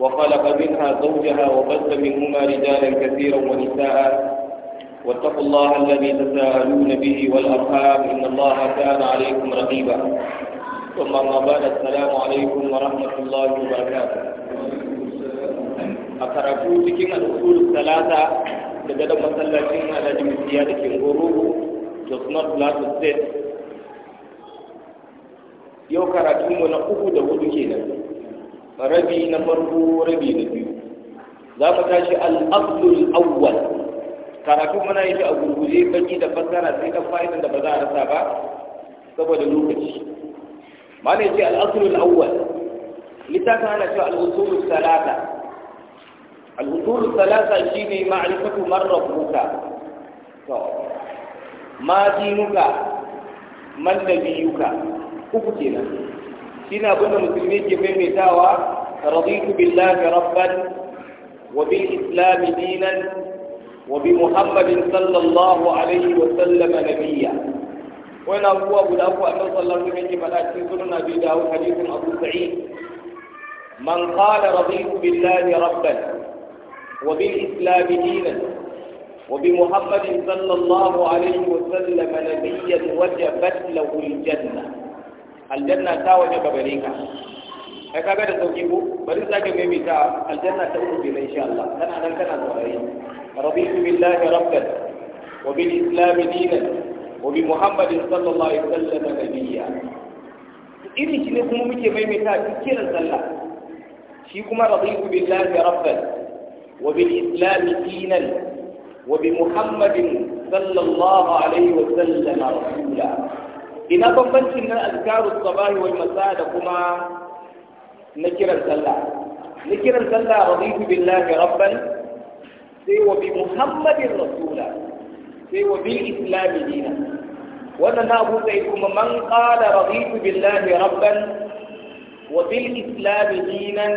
وخلق منها زوجها وبث منهما رجالا كثيرا ونساء واتقوا الله الذي تساءلون به والأرحام إن الله كان عليكم رقيبا ثم ما بعد السلام عليكم ورحمة الله وبركاته أكرهوا تكين الأصول الثلاثة لقد مسلتين على جمسيات كنغروه تصنع بلاد الزيت يوكرا كنغنا أبو دهود كينا rabi na farko rabi na biyu za mu tashi al'abdul awwal karatu muna yi a gurguje baki da fassara sai kan fa'idan da ba za a rasa ba saboda lokaci mana yace al'aslul awwal littafin ana cewa al'usul salata al'usul salata shine ma'rifatu man rabbuka to ma dinuka man nabiyuka uku kenan shine abin da musulmi ke maimaitawa raditu billahi rabban wa bil islam dinan wa bi muhammadin sallallahu alaihi wa sallam nabiyya wani abubuwa guda uku a nan sallar da yake faɗa cikin sunan abi dawud hadisin abu sa'id man qala raditu billahi rabban wa bil islam dinan وبمحمد صلى الله عليه وسلم نبيا وجبت له الجنه aljanna ta waje ga bare ka ai kaga da sauki ko bari sake maimaita aljanna ta uku bi insha Allah kana nan kana saurare rabbi billahi rabban wa bil islam dinan wa bi muhammadin sallallahu alaihi wasallam nabiyya irin shi ne kuma muke mai maimaita cikin sallah shi kuma rabbi billahi rabban wa bil islam dinan wa bi muhammadin sallallahu alaihi wasallam rasula ina bambancin na azkaru sabahi wal masa da kuma na kiran sallah na kiran sallah raditu billahi rabban sai wa bi muhammadin rasula sai wa bil islami dina wannan na abu sai kuma man qala raditu billahi rabban wa bil islami dinan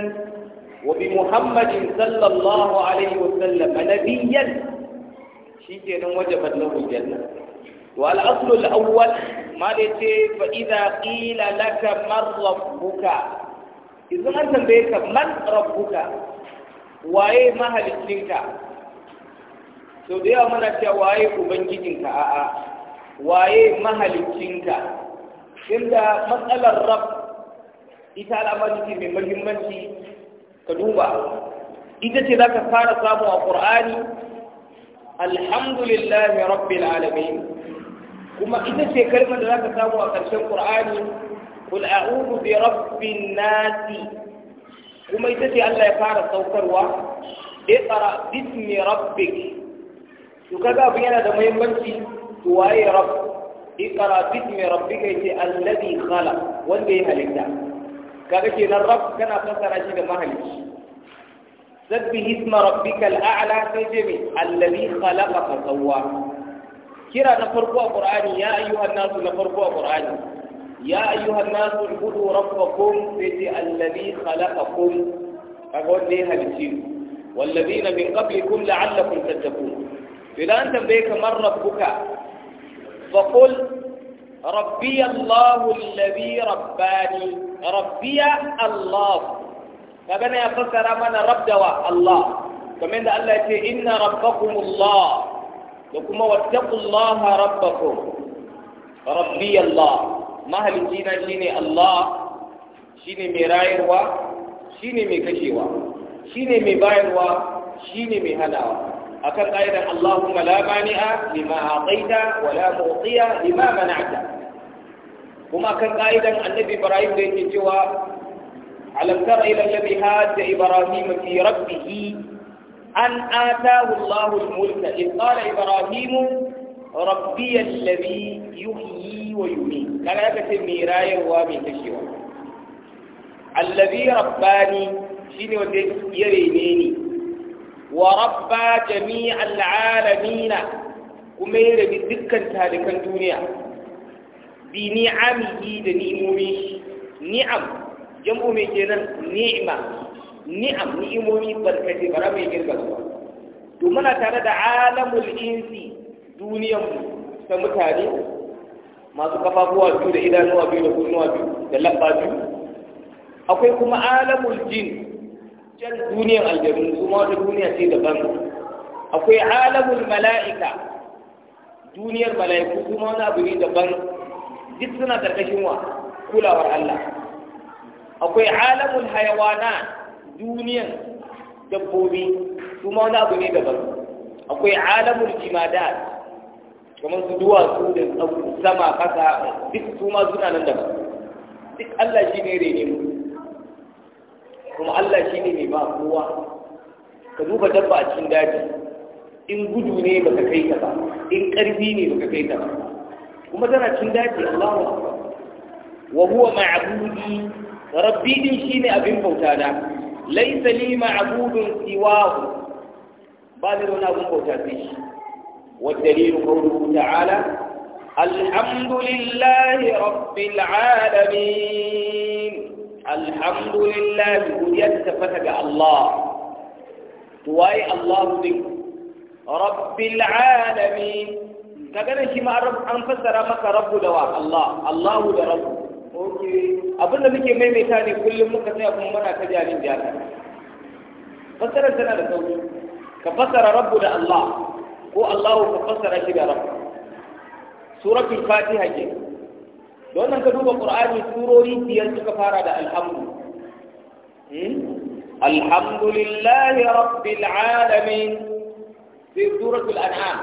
wa bi muhammadin sallallahu alaihi wa sallam nabiyyan shi ke kenan wajabat lahu janna wal aslu al awwal ma da ce fa idza qila laka man rabbuka idan an tambaye ka man rabbuka waye mahalicinka to da yawa mana cewa waye ubangijinka a'a waye mahalicinka inda matsalar rab ita al'amari ce mai muhimmanci ka duba ita ce za ka fara samu a ƙur'ani alhamdulillahi rabbil alamin kuma ita ce kalmar da zaka samu a ƙarshen Qur'ani kul a'udhu bi rabbin nas kuma ita ce Allah ya fara saukarwa iqra bismi rabbik to kaga abin yana da muhimmanci to waye rabb iqra bismi rabbika yace alladhi khalaq wanda ya halitta kaga kenan rabb kana fassara shi da mahalicci سبح اسم ربك الأعلى كجمي الذي خلق فسوى kira na farko a qur'ani ya ayyuhan nasu na farko a qur'ani ya ayyuhan nasu ibudu rabbakum sai ce allazi khalaqakum kaga wanda ya halice ku wallazina min qablikum la'allakum tattaqun idan tambaye kamar rabbuka fa qul rabbi allah allazi rabbani rabbi allah kaga ne ya fassara mana rabdawa allah kamar da Allah ya ce inna rabbakum allah da kuma wattaqullaha rabbakum rabbi Allah mahalicci na shine Allah shine mai rayarwa shine mai kashewa shine mai bayarwa shine mai hanawa akan ƙa'idar Allahumma la mani'a lima a'taita wa la mu'tiya lima mana'ta kuma akan ƙa'idar Annabi Ibrahim da yake cewa alam tara ila alladhi hajja ibrahim fi rabbihi. أن آتاه الله الملك إذ قال إبراهيم ربي الذي يحيي ويميت كان يكتب ميراي وامي تشيوى الذي رباني شيني وديك يرينيني وربى جميع العالمين كمير بدكا تالكا دنيا بنعمه دنيمومي نعم جمع ميجنا نعمة Ni ni ni'imomi barkatai bara mai girka su to muna tare da alamul insi duniyan mu ta mutane masu kafafuwa biyu da idanuwa biyu da kunnuwa biyu da labba biyu akwai kuma alamul jin can duniyan aljanu ma wata duniya ce daban akwai alamul mala'ika duniyar mala'iku kuma wani abu ne daban duk suna karkashin wa kulawar Allah akwai alamul hayawanat duniyan dabbobi su ma wani abu ne daban akwai alamun jimada kamar su duwatsu da sama kasa duk su ma suna nan daban duk Allah shi ne rene mu kuma Allah shi ne mai ba kowa ka duba dabba a cikin daji in gudu ne baka kai ta ba in karfi ne baka kai ta ba kuma tana cikin daji allah wa huwa ma'budi rabbi din shine abin bauta na laisa li ma'budun siwahu bali wana kungo tafish wa dalil qawluhu ta'ala alhamdulillahi rabbil alamin alhamdulillahi hudiyat tafata ga allah tuwai allah din rabbil alamin kaga ne shi ma rabb an fassara maka rabbu da wa allah allah da abinda muke maimaita ne kullum muka sai abin mana ta jalin jaka fasara tana da sauki ka fassara rabbu da Allah ko Allahu ka fassara shi da rabbu suratul fatiha ke don nan ka duba qur'ani surori biyar suka fara da alhamdu hmm? alhamdulillahi rabbil alamin fi suratul an'am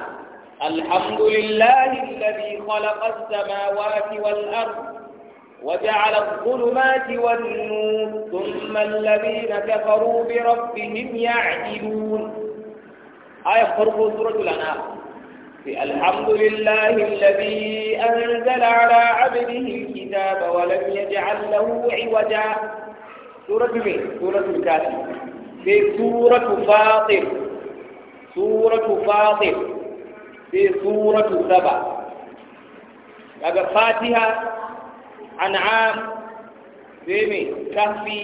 alhamdulillahi alladhi khalaqa as-samawati wal ardh وجعل الظلمات والنور ثم الذين كفروا بربهم يعدلون آية فرق سورة في الحمد لله الذي أنزل على عبده الكتاب ولم يجعل له عوجا سورة مين؟ سورة الكافر في سورة فاطر سورة فاطر في سورة سبع هذا فاتحة an'am sai mai kafi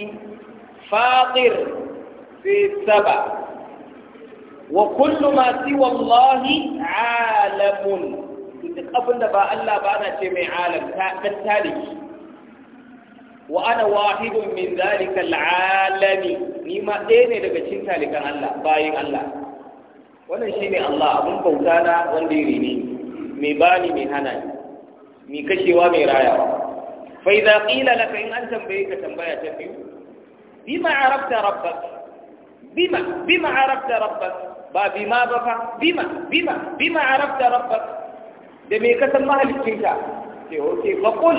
fatir sai saba wa kullu ma siwa Allahi alamun duk abin da ba Allah ba ana ce mai alam ta dan taliki wa ana wahidun min zalika alami ni ma ɗaya ne daga cikin talikan Allah bayin Allah wannan shine Allah abun bauta na wanda yiri ne mai bani mai hana ni mai kashewa mai rayawa fa idza qila laka in an tambaye ka tambaya ta biyu bima arafta rabbak bima bima arafta rabbak ba bima ba fa bima bima bima arafta rabbak da me ka san mahaliccinka sai oke fa qul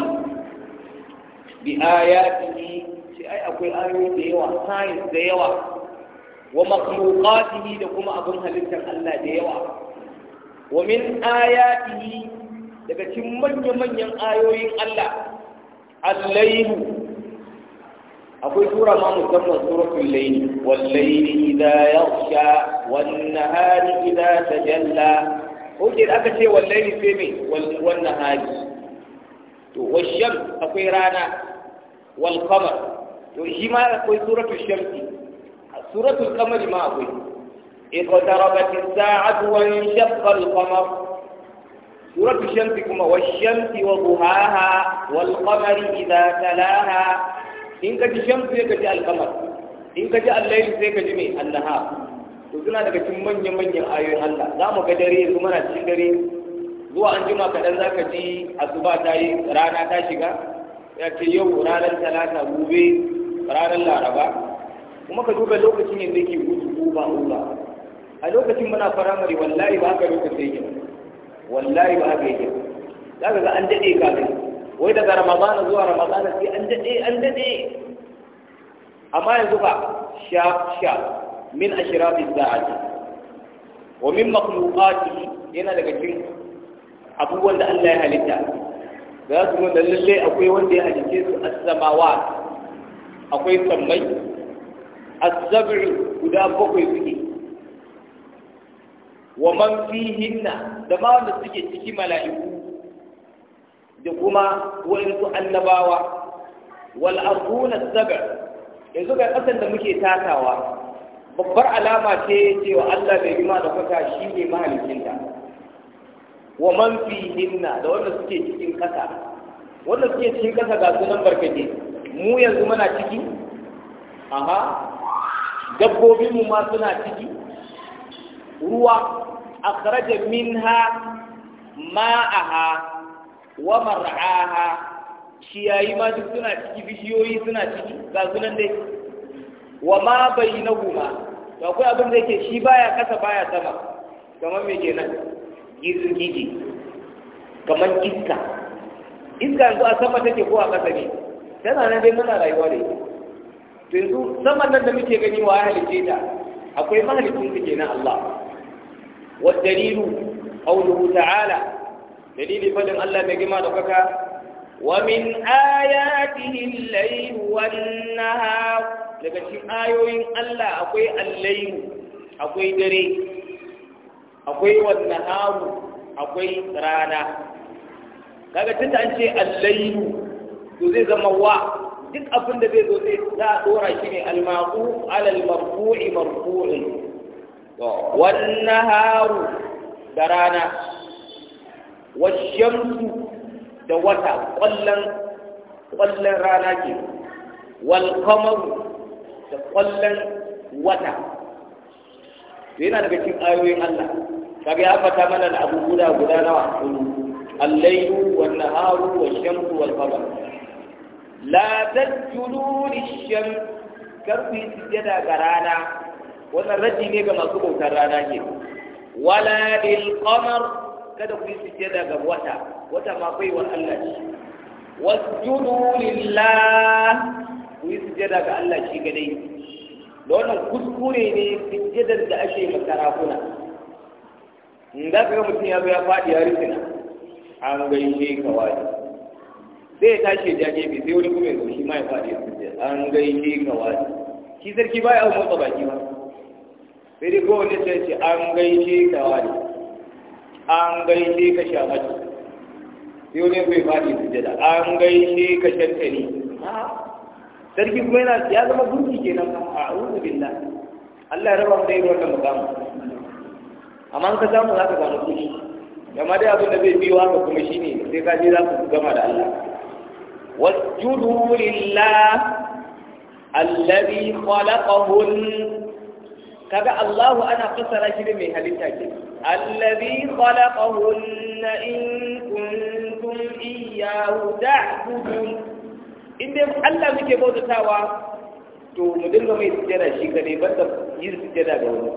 bi ayatihi sai ai akwai ayoyi da yawa da yawa da kuma abin halittar Allah da yawa wa min daga cikin manya-manyan ayoyin Allah al-layl akwai tura ma musamman suratul layl wal layl idha yaghsha wan nahari idha tajalla oke aka ce wal layl sai me wal nahari to washam akwai rana wal to shi ma akwai ma akwai سورة الشمس كما والشمس وضحاها والقمر إذا تلاها إن كانت الشمس يكتي القمر إن كانت الليل يكتي مي النهار to suna daga cikin manyan-manyan ayoyin Allah za mu ga dare yanzu mana cikin dare zuwa an kaɗan za ka ji asuba ta yi rana ta shiga ya ce yau ranar talata gobe ranar laraba kuma ka duba lokacin yanzu ke gudu ba a lokacin muna firamare wallahi ba haka lokacin yake wallahi ba haka yake za ka ga an daɗe ka kafin wai daga ramadana zuwa ramadana sai an daɗe an daɗe amma yanzu ba sha sha min ashirafin za'ati wa min makhluqati yana daga cikin abubuwan da Allah ya halitta za su nuna lalle akwai wanda ya halitte su as-samawa akwai sammai as-sab'u guda bakwai suke wa man fihinna da ba da suke ciki mala'iku da kuma wa'insu annabawa wal arbuna sab'a yanzu ga kasan da muke tatawa babbar alama ce cewa Allah bai rima da kwata shi ne ta wa man fihinna da wanda suke cikin kasa wanda suke cikin kasa ga sunan barkate mu yanzu muna ciki aha mu ma suna ciki ruwa akhraja minha ma'aha wa mar'aha ciyayi ma duk suna ciki bishiyoyi suna ciki ga sunan dai wa ma bainahuma to akwai abin da yake shi baya kasa baya sama kamar me kenan girgije kamar iska iska yanzu a sama take ko a kasa ne tana nan dai muna rayuwa da ita to yanzu saman nan da muke gani wa ya halice akwai mahalicin ta kenan Allah والدليل قوله تعالى دليل فضل الله بجمع دكك ومن آياته الليل والنهار daga cikin ayoyin Allah akwai allayu akwai dare akwai wannan haru akwai rana daga tunda an ce allayu to zai zama wa duk abin da zai zo zai za a dora shi ne almaku alal marfu'i marfu'in to wannaharu da rana washyamsu da wata ƙwallon rana ke walkamaru da ƙwallon wata yana daga cin ayoyin Allah kage ya fata mana da abubuwa guda nawa allayu wannan haru wa shamsu wal qamar la tajulu lish shams karfi sujada garana wannan raji ne ga masu bautar rana ke wala lil qamar kada ku yi da ga wata wata ma kai wa Allah shi wasjudu lillah ku yi sujjada ga Allah shi ga da wannan kuskure ne sujjadar da ake makara kuna inda ka ga mutum ya zo ya fadi ya rufina an gaishe ka wani sai ya tashi ya bi, sai wani kuma ya zo shi ma ya fadi ya sujjada an gaishe ka wani shi sarki baya motsa baki ba sai dai kowane sai ce an gaishe ka wani an gaishe ka shamatu sai wani bai fadi jada an gaishe ka shantani sarki kuma yana ya zama ke nan a a'udhu billa Allah ya raba mu da wannan mukamu amma ka samu za ka samu kuɗi amma dai abin da zai biyo haka kuma shi ne. sai ka je za ku gama da Allah wasjudu lillah alladhi khalaqahun kaga Allahu ana fassara shi da mai halitta ke allazi khalaqahunna in kuntum iyyahu ta'budun inda Allah muke bautatawa to mu dinga mai sujjada shi kadai da yin sujjada ga wani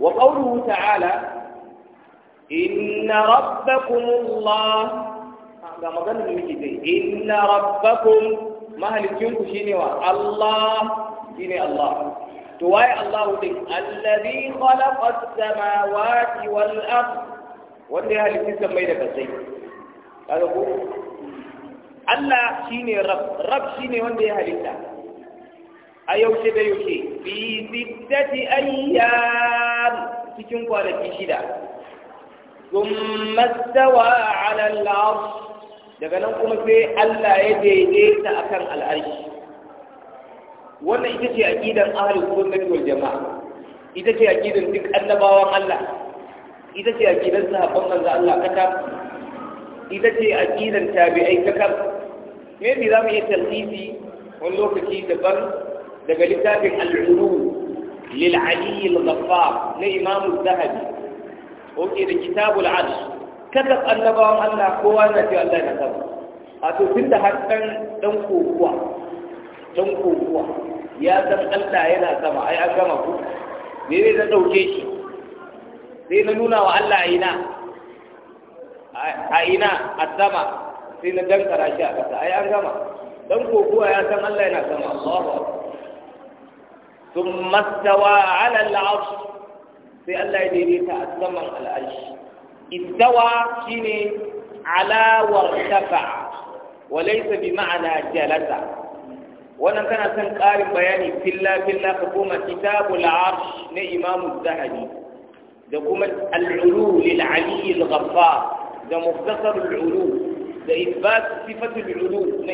wa qawluhu ta'ala inna rabbakum Allah ah, ga magana da muke dai inna rabbakum mahalicinku shine wa Allah shine Allah to waye Allah din allazi khalaqa as-samawati wal wanda ya halitta samai da kasai kaga ko Allah shine rab rab shine wanda ya halitta a yaushe da yaushe fi sittati ayyam cikin kwanaki shida thumma stawa ala daga nan kuma sai Allah ya daidaita akan al wannan ita ce aqidan ahlus sunnah wal jamaa ita ce aqidan duk annabawan Allah ita ce aqidan sahabban manzo Allah kaka ita ce aqidan tabi'ai kaka me bi zamu yi talqisi wani lokaci daban daga littafin al-ulum lil ali al-ghaffar na imam az-zahabi oke da kitabul arsh kaka annabawan Allah kowa na ji Allah na saba a to tunda har dan dan kokuwa dan kokuwa ya san Allah yana sama ai an gama ku me ne zan dauke shi sai na nuna wa Allah a ina a ina a sama sai na dankara shi a ƙasa ai an gama dan kokuwa ya san Allah yana sama Allahu akbar ثم استوى على العرش sai Allah ya daidaita a saman al'arshi istawa shine ala wartafa wa laysa bi ma'ana jalasa wannan kana son ƙarin bayani filla filla ka koma kitabul arsh na imam zahabi da kuma al-ulu lil ali al-ghaffar da mukhtasar al-ulu da isbat sifatu al-ulu na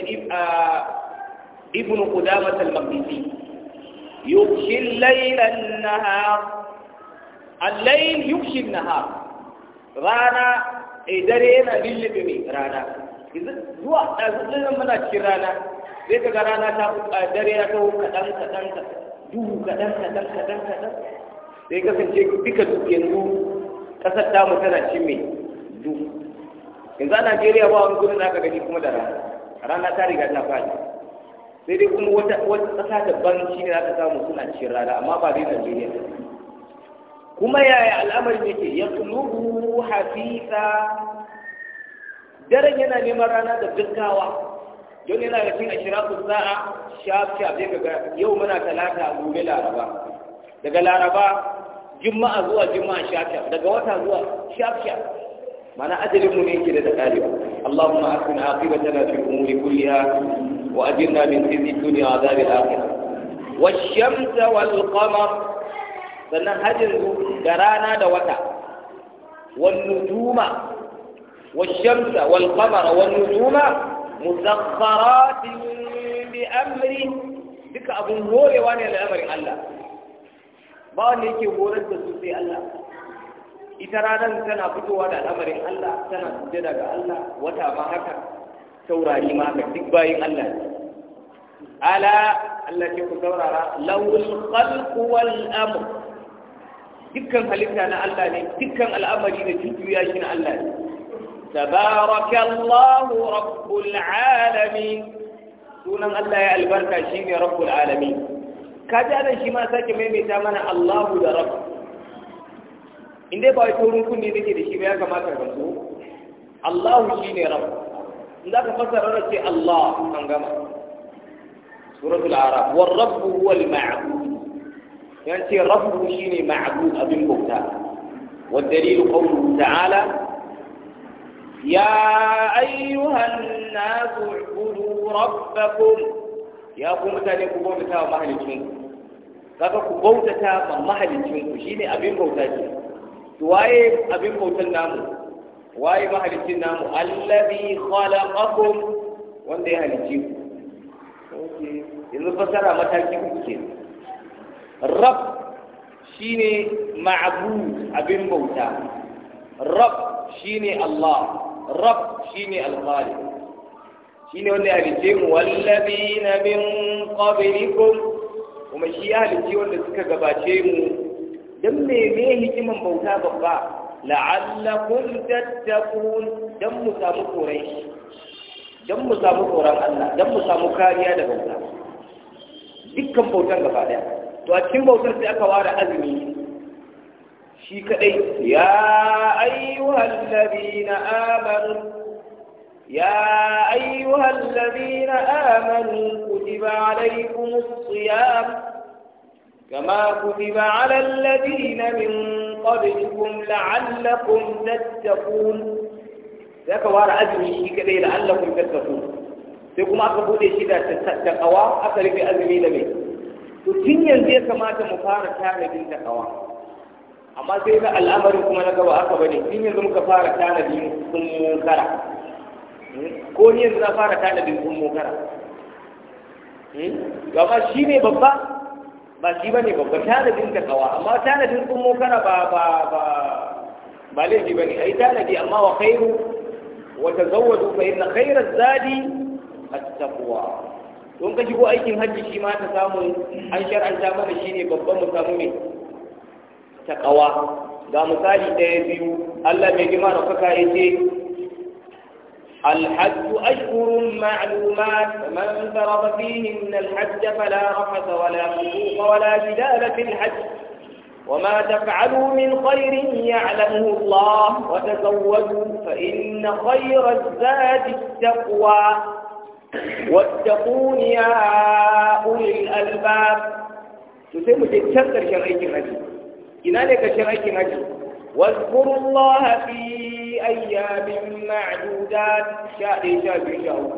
ibn qudamah al-maqdisi yughshi al-layla an-nahar al-layl yughshi an-nahar rana idare yana lullube mai rana yanzu zuwa ɗazu ɗin mana cikin rana sai ka ga rana ta dare ya kawo kaɗan kaɗan duhu kaɗan kaɗan kaɗan kaɗan sai kasance duka yanzu ƙasar mu tana ci mai duhu yanzu a najeriya ba wani gudun aka gani kuma da rana rana ta riga ta faɗi sai dai kuma wata ƙasa daban shi ne za ka samu suna cin rana amma ba dai najeriya kuma yaya al'amarin ke ya tulubu hafisa daren yana neman rana da gaggawa don yana da cin ashirafin sa'a shaf shaf zai kaga yau muna talata gobe laraba daga laraba juma'a zuwa juma'a shaf shaf daga wata zuwa shaf shaf mana ajalin mu ne yake da tsariwa Allahumma akin aqibatana fi umuri kulliha wa ajirna min khizi dunya wa azab al-akhirah wash-shams wal-qamar sannan hajin da rana da wata wan nujuma wash-shams wal-qamara wan nujuma musakharatin bi amri duka abun horewa ne al'amarin Allah ba wanda yake horar da su sai Allah ita ranar tana fitowa da al'amarin Allah tana sujjada ga Allah wata ma haka saurari ma haka duk bayin Allah ne ala Allah ke ku saurara lawul khalq wal amr dukkan halitta na Allah ne dukkan al'amari da jujjuya shi na Allah ne تبارك الله رب العالمين سنن الله يا البركة شيني رب العالمين كذا شي ما ساكي ميمي تامنا الله يا رب إندي باي تورون كوني بيكي دي شبيا كما تفسو الله شيني رب لك فسر رسي الله سنغم سورة العرب والرب هو المعبود يعني رب شيني معبود أبن بكتا والدليل قوله تعالى يا أيها الناس اعبدوا ربكم يا كم mutane ku bautata wa mahalicinku kaga ku bautata ma mahalicinku shine abin bauta ce to waye abin bautan namu waye mahalicin namu allazi khalaqakum wanda ya halicci ku yanzu fasara mataki ku ke rab shine ma'bud abin bauta rab shine Allah rab shine al-khaliq shine wanda ya halice mu ya halice wanda suka gabace mu dan me me hikiman bauta babba la'allakum tattaqun dan mu mu samu Allah mu samu kariya bauta dukkan bautar gaba daya to a cikin bautar sai aka ware azumi shi kadai ya ayyuhal ladina amanu ya ayyuhal ladina amanu kutiba alaykumus siyam kama kutiba alal ladina min qablikum la'allakum tattaqun zaka wara azumi shi kadai la'allakum tattaqun sai kuma aka buɗe shi da tattaqawa aka rufe azumi mai to yanzu ya kamata mu fara tara da tattaqawa amma sai na al'amarin kuma na gaba haka bane ne yanzu muka fara tanadin kun munkara hmm? ko ni yanzu na fara tanadin kun munkara gama hmm? shi ne babba ba shi ba ne babba tanadin ta kawa amma tanadin kun munkara ba ba ba ba laifi ba ne a yi tanadi amma wa khairu wa tazawwadu fa inna khairaz zadi at-taqwa don ka shigo aikin hajji shi ma ta samu an shar'anta mana shine babban mu samu ne taqawa ga misali ɗaya biyu Allah mai girma da kuka yace الحج أشهر معلومات فمن فرض فيهن الحج فلا رفث ولا فسوق ولا جدال في الحج وما تفعلوا من خير يعلمه الله وتزودوا فإن خير الزاد التقوى واتقون يا أولي الألباب تسمى تتشكر شرعي الرجل ina ne kashin واذكروا الله في أيام معدودات شهر شهر شهر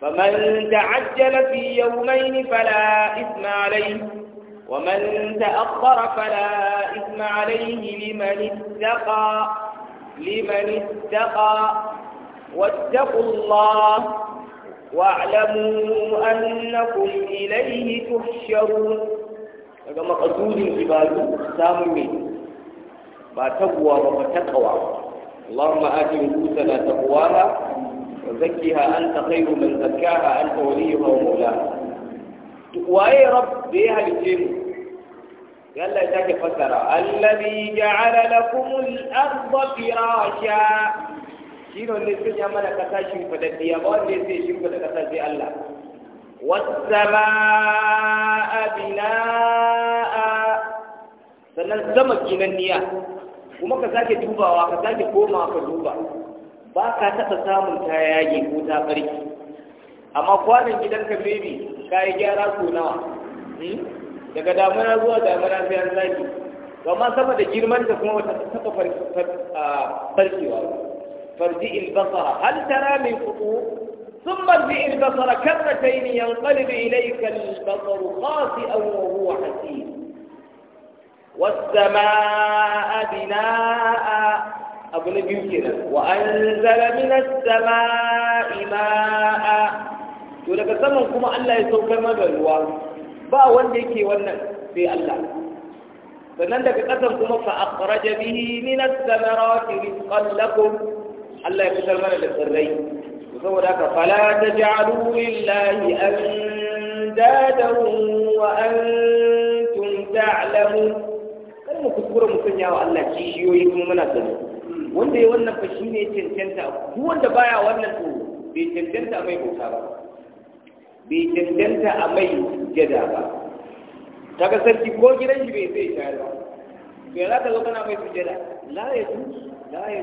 فمن تعجل في يومين فلا إثم عليه ومن تأخر فلا إثم عليه لمن اتقى لمن اتقى واتقوا الله واعلموا أنكم إليه تحشرون daga makasudin ibadu samun mai ba ta taguwa ba ta ba takawa اللهم آت نفوسنا تقواها وزكها أنت خير من زكاها أنت وليها ومولاها waye rab da ya halice mu yalla ya take fassara allazi ja'ala lakum al-ardha firasha shine ne sai ya mana kasa shi ba wanda sai shi fadaddiya kasa sai Allah والسماء بناء sannan sama kinanniya kuma ka sake dubawa ka sake koma ka duba ba ka taɓa samun ta yage ko ta ɓarki amma kwanan gidan gidanka baby ka yi gyara ko nawa daga damuna zuwa damuna sai an zaki to amma sama da girman ta kuma wata taɓa farkewa farji ilbasa hal tara mai fuku ثم ارجع البصر كرتين ينقلب إليك البصر خاسئا وهو حسين والسماء بناء أبو نبي كده وأنزل من السماء ماء يقول لك سمن كما أن لا ما بالوا با wanda yake في الله Allah قسم كما فأخرج به من الثمرات رزقا لكم الله samarati rizqan lakum saboda ka fala ta ja'alu lillahi an wa antum ta'lamun kan mu kuskure mu sanya wa Allah kishiyoyi kuma muna sani wanda ya wannan fa shine cancanta ku wanda baya wannan to bai cancanta mai bauta ba bai cancanta a mai jada ba kaga sarki ko gidan shi bai sai shayar ba bai za ka zo kana mai sujada la ya la ya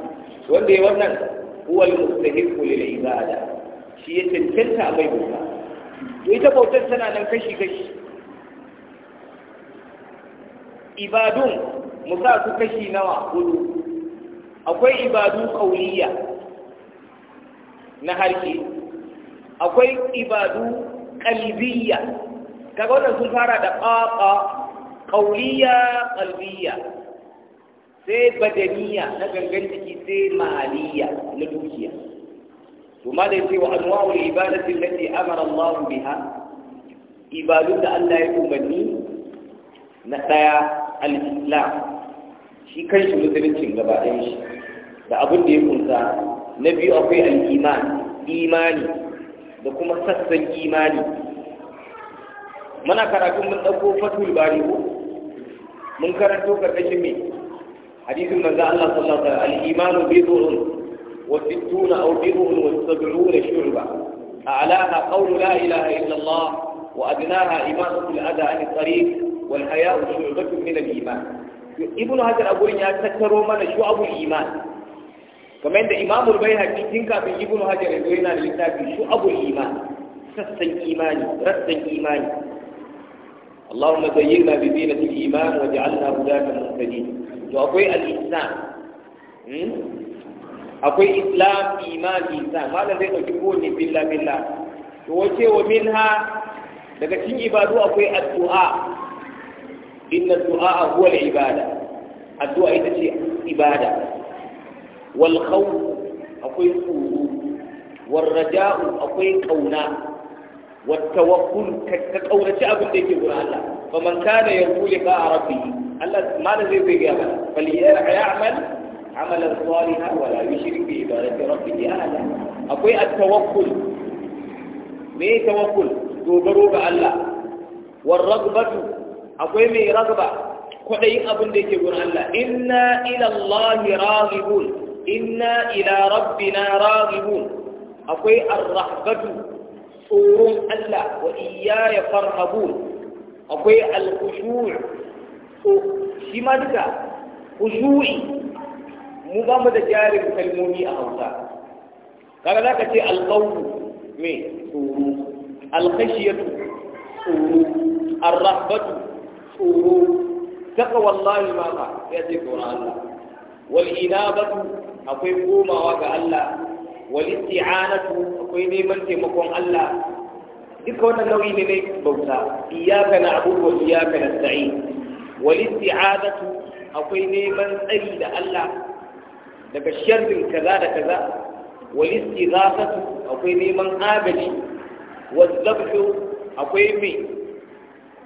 wanda ya wannan huwa al-mustahiqu lil ibada shi ya tantance a bauta to ita bautar tana nan kashi kashi ibadun musa su kashi nawa hudu akwai ibadu qawliya na harki akwai ibadu qalbiyya kaga wannan sun fara da qaqa qawliya qalbiyya sai badaniya na gangan ciki sai maliya na dukiya to ma da yake wa anwa'ul ibadati allati amara Allah biha ibadun da Allah ya umarni na daya al-islam shi kai shi musulunci gaba ɗayan shi da abin da ya kunsa na biyu akwai al-iman imani da kuma sassan imani muna karatun mun ɗauko fatul bari mun karanto karkashin me حديث من ذا الله صلى الله عليه وسلم الإيمان بضع وستون أو بضع وسبعون شعبة أعلاها قول لا إله إلا الله وأدناها في الأذى عن الطريق والحياء شعبة من الإيمان ابن هجر أبو يا تكروا من شعب الإيمان كما عند إمام البيهقي تنكى في ابن هاجر يقولنا للكتاب شعب الإيمان سس الإيمان رس الإيمان اللهم زينا بزينة الإيمان وجعلنا هداة مهتدين to akwai al-ihsan hmm? akwai islam iman ihsan malam zai dauki kowanne billa billa to wace wa minha daga cikin ibadu akwai addu'a inna du'a huwa al-ibada addu'a ita ce ibada wal khawf akwai tsoro wal raja'u akwai kauna والتوكل كقولة أبو الدين يقول الله فمن كان يرجو لقاء ربه Allah malam zai zai gaba bal ya'mal amalan salihan wala yushrik bi ibadati rabbih ahada akwai at-tawakkul me tawakkul dogaro ga Allah war akwai mai ragba kwadayin abin da yake gurin Allah inna ila Allah ina inna ila rabbina raghibun akwai ar-rahbatu tsoron Allah wa iyaya farhabun akwai al so shi ma duka khushu'i mu ba mu da jarin kalmomi a Hausa kaga zaka ce alqawu me tsoro alkhashiyatu tsoro arrahbatu tsoro taka wallahi ma ka ya ce tsoron Allah wal inabatu akwai komawa ga Allah wal isti'anatu akwai neman taimakon Allah duka wannan nau'i ne ne bauta iyyaka na'budu wa iyyaka nasta'in walisti'azatu akwai neman tsari da Allah daga sharrin kaza da kaza walistighafatu akwai neman agaji wazzabhu akwai mai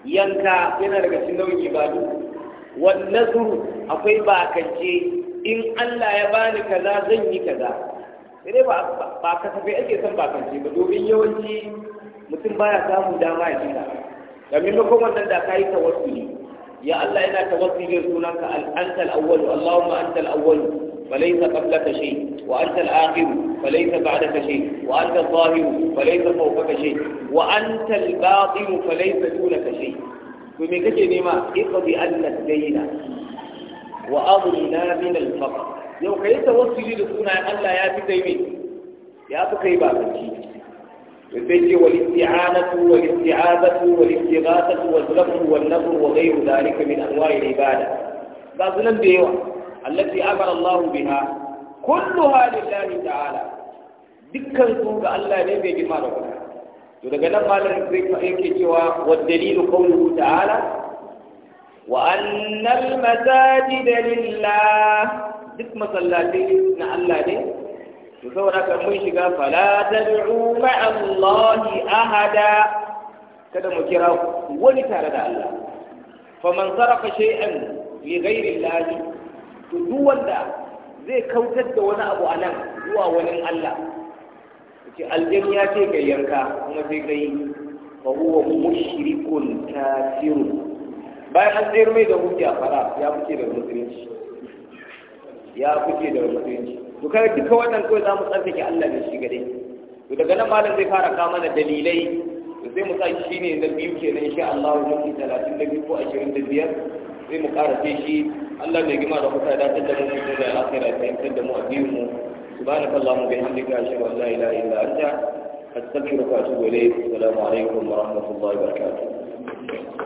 yanka yana daga cikin nau'in ibadu wan nazru akwai bakance in Allah ya bani kaza zan yi kaza sai ba ba kasafai ake son bakance ba domin yawanci mutum baya samun dama ya kira da makon wannan da kayi tawassuli ya Allah yana tawakkali da sunanka al-anta al-awwal Allahumma anta al-awwal فليس قبلك شيء وأنت الآخر فليس بعدك شيء وأنت الظاهر فليس فوقك شيء وأنت الباطن فليس دونك شيء فمن كجي نما اقضي أن الدين وأغنى من الفقر يوم كيف توصل لسونا أن لا يأتي ديمين يا أبو كيبا بكي يسجي والاستعانة والاستعاذة والاستغاثة والذبح والنفر وغير ذلك من أنواع العبادة بعضنا بيوع التي أمر الله بها كلها لله تعالى دكان سوق الله نبي جمال وكذا daga nan malar yake cewa wa dalilu qawluhu ta'ala wa annal masajida lillah duk masallatai na Allah ne to saboda haka mun shiga fala tad'u ma'a Allahi ahada kada mu kira wani tare da Allah faman sarafa shay'an li ghairi Allah to duk wanda zai kautar da wani abu a nan zuwa wani Allah ce aljan ya ce ga kuma sai kai fa huwa mushrikun kafirun bayan an tsayar mai da hujja fara ya fice da musulunci ya fice da musulunci to kai duka wannan kawai za mu tsarkake Allah da shi gare to daga nan malam zai fara kama mana dalilai to sai mu sa shi ne na biyu kenan insha Allah mutum 32 ko 25 sai mu ƙara ce shi Allah mai gima da kusa da tattar mu mutu da akira ta yantar da mu a biyu mu subhanaka allahumma bihamdika ashhadu an la ilaha illa anta astaghfiruka wa atubu ilayk assalamu alaikum wa rahmatullahi